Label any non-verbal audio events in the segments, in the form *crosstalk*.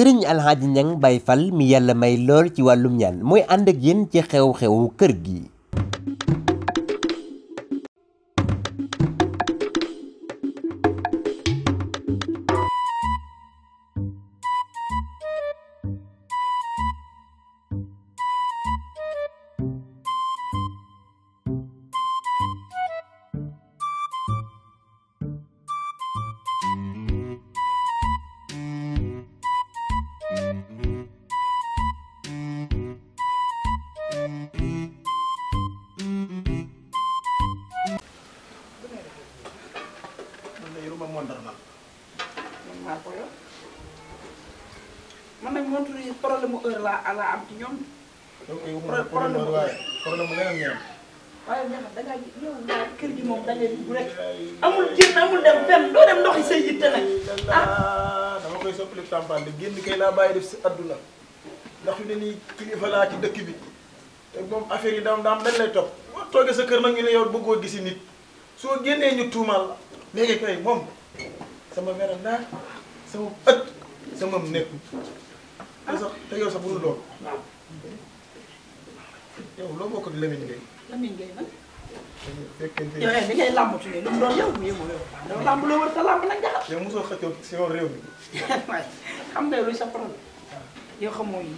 sëriñ alxaaji ñang bay fal mi yàlla may lool ci wàllum ñaan mooy ànd ak yéen ci xew xew kër gi problème mu heure laa laa am ci ñoom. problème waaye problème mu leneen ngeen. waaye ñax da ngaa yow kër gi moom da ngay rek amul génn amul dem fenn doo dem ndoxi sa yitte nag ah. koy soppali campagne bi génn kay laa ndax fi ne nii kilifa laa ci dëkk bi te moom affaire yi daam daam dañ lay topp boo toogee sa kër nag ñu ne yow bëggoo gisi nit soo génnee ñu tuumaal la léegi kay moom sama weram daal sama ëtt sama nekk. te sax te yow sax mënul lool. waaw. yow loo bokk ak Lamine Gueye. Lamine Gueye nag. fekkente ne yow yaa ngi lay làmbatu si yow réew mi. *laughs* xam nga lu sa problème. yow xamoo yii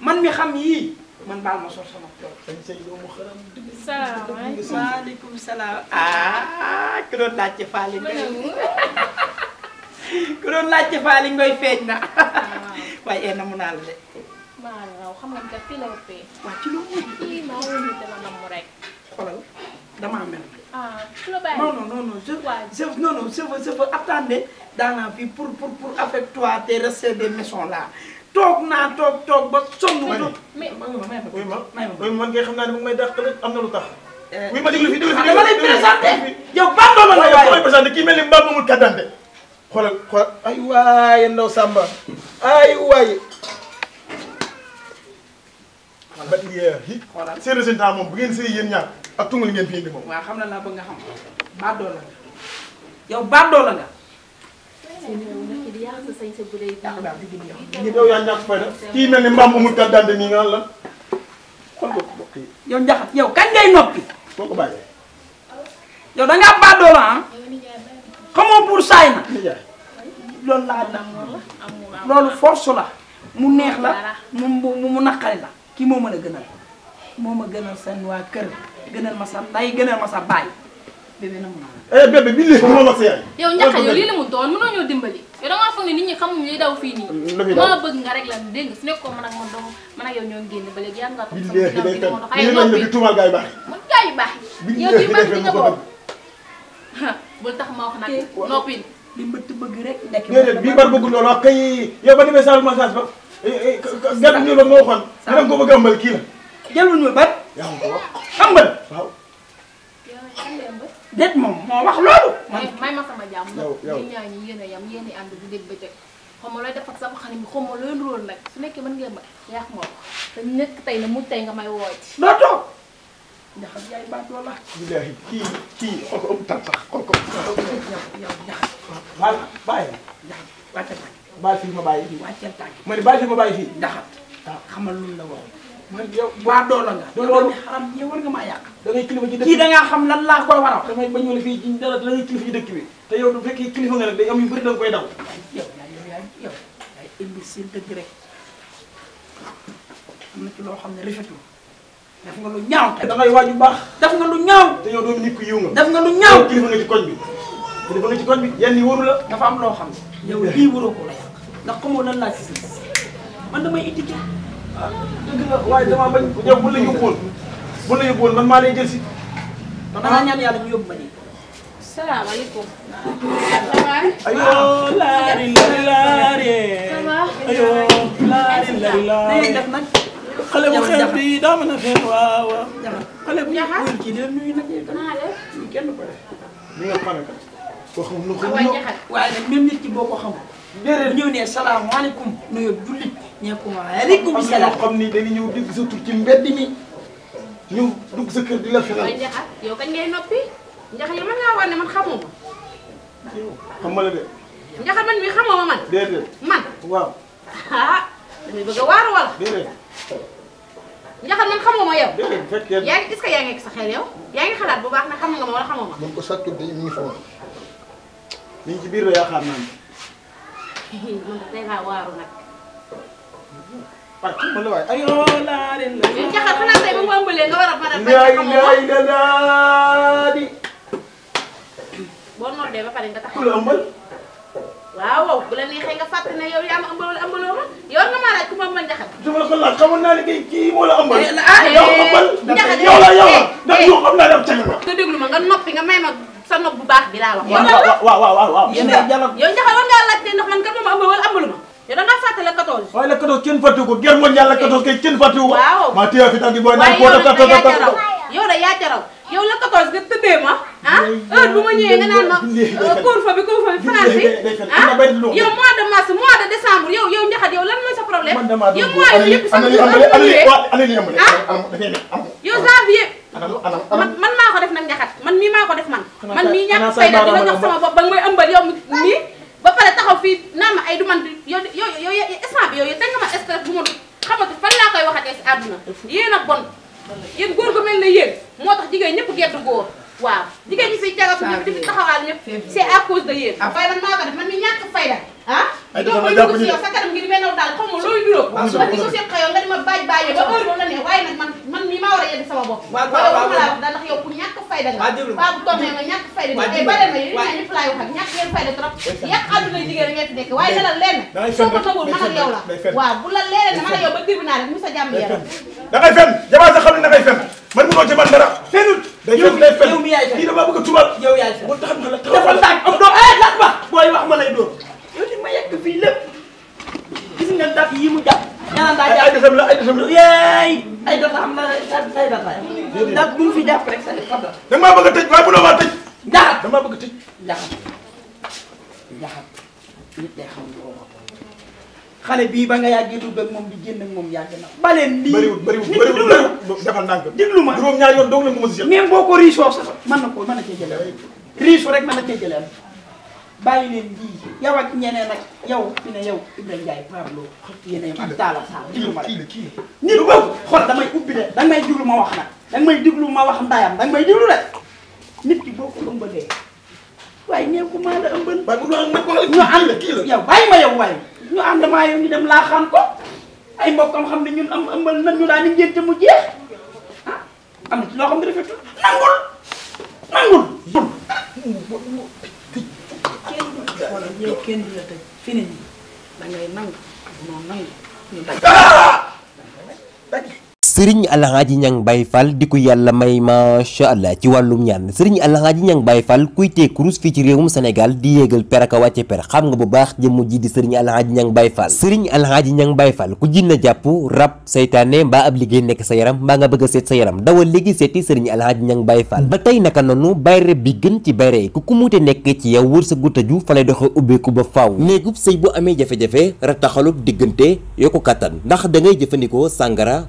man mi xam yii. man baal ma sor sama tool. sañ say doomu xaram. salaamaaleykum waaleykum salaam. ah ki doon laajte Fallou Gueye. *laughs* ku doon laajte faali ngoy feeñ na. waaye eh namu naa la de. maa raw xam nga fii la ëppee. waaw ci lu ii maa ngi dama namm rek. xoolal damaa mel. ah su la bàyyi non non non non je je non non je veux je veux attendre dans la vie pour pour pour avec toi te rester des maisons là. toog naa toog toog ba sonn. ma ne mais ma ma ma ma man kay xam naa ne moom may dàq am na lu tax. Euh, oui ma déglu fi déglu fi dama lay présenté yow bàndoo la la waaye dama lay présenté kii mel ni mbaa moomul kàddante. xoolal xool ay waaye ndaw Samba ay waaye. ba léegi. xoolal moom bu ngeen sëy yéen ñaar ak tungal ngeen fi indi moom. waaw xam na laa bëgg nga xam baadoo la nga yow baadoo la nga. yow yaa ñàkk fayda kii mel ni mbaam amul kat dante nii nga la yow njaxat yow kañ ngay noppi. boo ko bàyyee. yow da ngaa baadoo la ah. xamoo buur saay na loolu laa dam loolu force la mu neex la mu mu mu naqari la kii moo mën a gënal moo ma gënal seen waa kër gënal ma sa nday gënal ma baay bébé na mu naan. eh bébé bi léegi moom la sa yaay. yow ñax yow lii la mu doon mënoo ñoo dimbali. yow da ngaa foog ne nit ñi xamuñ li daw fii nii. Mm, lu muy daw maa bëgg nga rek la dégg nga su nekkoon man ak man dong man ak yow ñoo génn ba léegi yaa ngi ko. bi léegi day fenn bi léegi day fenn bul tax ma wax nag noppi. li mbëtt bëgg rek nekk. déedéet bii bar bëggul loolu wax kay yow ba demee salle massage ba. Eh, eh, gerte ñu la moo xoon. dana ko ko wax ëmbal. waaw. déet moo wax loolu. man may ma sama jàmm. yow yow nag ñaar ñi yéen a yam yéen a ànd du dégg bëccëg. xaw ma looy def ak sama xarit bi xaw ma looy nag su nekkee mën ngeen ma yàq ma wax te nekk tey na mu tey nga may woote. doo toog. Ndiakhate yaay baat loola. bilaay kii kii xool ko amul tànn sax xool ko. waaw yow Ndiakhate. waaw bàyyi la. Ndiakhate baal fii ma bàyyi. wàcceel tànk ma ne baal fii ma bàyyi fii. Ndiakhate. waaw ah. xamal lu la wax. man yow waa doola nga. doola nga xaram yow war nga maa yàq. da ngay kilifa ci dëkk kii da ngaa xam lan laa koy waral. damay bañ ma ne fii ci dara da ngay kilifa ci dëkk bi. te yow bu fekkee kilifa nga nag day am yu bëri da nga koy daw. yow yaay yow yaay indi seen dëgg rek am na ci loo xam ne rafetul daf nga lu ñaaw te dangay waaju baax daf nga lu ñaaw te yow doomu nit ku yiw nga daf nga lu ñaaw kilifa nga ci koñ bi kilifa nga ci koñ bi yenn yi waru la dafa am loo xam ne yow lii waroo ko la yàq ndax xamoo lan laa si man damay étiqué ah, dëgg la waaye damaa bañ yow bu la yóbbuwoon bu la yóbbuwoon man maa lay jël si danaa ah. ñaan yàlla ñu yóbbu ma nii salaamaaleykum ayo laari laari ayo laari laari def nag xale bu xeex bi daa a xeex waaw waaw. xale bu ñuul kii de nuyu nag ñu kenn ko def. ñu nga xam ko xam lu xam waaye nag même ki boo ko xamul. déedéet ñëw ne salaamaaleykum nuyoo jullit ñeeku waaleykum salaam. xam ni dañuy ñëw dégg sa tur ci mbedd mi ñëw dugg sa kër di la xelal. waaye njaxat yow kañ ngay noppi njaxat yow mën ngaa war ne man xamoo xam nga la de. njaxat man mi xamoo ma man. déedéet man waaw. ah damay bëgg a waar wala. déedéet. Njaxal man xam nga ma yow. yaa ngi est-ce que xel yow. yaa ngi xalaat bu baax na xam nga ma wala xamoo ma. man ko sàccu bi mi ngi fa woon. mi ngi ci biir la yaakaar naa ne. *laughs* man mu ëmbalee nga war a faral. laay laay ba pare nga tax. ku waaw bu la neexee nga fàttali ne yow yaa ma ëmbaloo la ëmbaloo ma yow nga ma laaj ku ma ma eh, yow eh, ëmbal. Eh, xam naa ne am càgg la. nga ma nga noppi nga may ma sa nopp bu baax bi laa wax. wala waaw waaw waaw waaw. yéen a jàllab yow njaxat war ngaa laaj te ndax man kat ma ëmbal wala ëmbalu ma. yow da ngaa fàttali la waaye la 14 kenn fàttewu ko guerre mondiale la 14 kay kenn fàttewu ko. waaw maa téye fi tànk booy naan koo def 14 yow da yaa jaraw yow la 14 nga tëddee ma ah bu ma ñëwee nga naan ma couvre-feu bi couvre-feu bi France bi yow mois de mars mois de décembre yow yow njaxat yow lan mooy sa problème yow mois yi yëpp sax ah yow janvier man maa ko def nag njaxat man mii maa ko def man man mii ñàkk fay da dina jox ba may ëmbal yow mii ba pare taxaw fii naan ma ay du man yow yow yow yow yow teg ma stress bu ma xamatu fan laa koy waxatee si àdduna yéen a bon yéen góor gu mel ne yéen moo tax jigéen ñëpp gedd góor waaw jigéen ñi fi jagatu ñëpp di fi taxawaal ñëpp c'est à cause de yéen waaye man maa ko def man mi ñàkk fayda ah doo koy dugg si yow sa kanam ngir menow daal xam nga loolu juróom ma di ko seq yow nga di ma baaj baaje ba heure boobu la ne waaye nag man man mi maa war a yedd sama bopp waaye waxuma laa wax daal ndax yow ku ñàkk fayda nga waaw bu tommee ma ñàkk fayda bi ay bare na yéen ñaa ñëpp laay wax ak ñàkk ngeen fayda trop yàq àdduna jigéen ngeen fi nekk waaye ne la leen soo ko tagul man ak yow la waaw bu la leeree ne man ak yow ba tribunal rek mu sa jàmm yaram da ngay fen jabaar sax xam ne da fen man mënoo ci man dara fenul yow day fen kii dama bëgg a tubaab yow yaay fen tax ma la dafa ndànk am doo eh, ma lay dóor yow di ma yegg fii lépp gis nga daf yi mu jàpp ñaan daa jàpp ay desam la ay desam la yeey ay data am na ay data ndax bu mu fi jàpp rek sa def da nga maa a dama bëgg a tëj jaxat xale bii ba nga yàggee dugg ak moom bi génn ak moom yàgg na. baleen lii bëriwul bëriwul bëriwul bëriwul defal ndànk. déglu ma juróom ñaari yoon doog la nga mën si jël. même boo ko riisoo sax mën na ko mën na cee jëlee. riisu rek mën na cee jëlee bàyyi leen lii yow ak ñeneen ak yow fi ne yow Ibrahima Ndiaye Pablo yeneen ak Talla Sall déglu ma rek. nit boobu xool damay ubbi de danga may déglu ma wax nag danga may déglu ma wax ndayam danga may déglu rek nit ki boo ko ëmbalee waaye ñeeku maa la ëmbal. waaye bu doon ak man ko la ñu ànd yow bàyyi ma yow waaye ñu ànd maa yow ñu dem laa xam ko ay mbokkam xam ne ñun am ëmbal nan ñu daal di ngénte mu jeex ah am na ci loo xam ne rafetul nangul nangul bul kenn du la tëj fini da ngay nangu noo nangu ñu ah! bañ sëriñ Alxaaji Ñang Baay Fall di ko yàlla may macha allah ci wàllum ñaan sëriñ Alxaaji Ñang bay Fall kuy tee kurus fii ci réewum Sénégal di yéegal per ak a wàcce per xam nga bu baax jëmm ji di sëriñ Alxaaji Ñang Baay Fall sëriñ Alxaaji Ñang Baay Fall ku jinna jàpp rab saytaane mbaa ab liggéey nekk sa yaram mbaa nga bëgg a seet sa yaram dawal léegi seeti sëriñ Alxaaji Ñang bay Fall ba tey naka noonu bayre bi gën ci bayre yi ku ku nekk ci yow wër sa gutaju fa lay doxe ubbeeku ba faaw néegub sëy bu amee jafe-jafe diggante yokku kattan ndax da jëfandikoo sàngara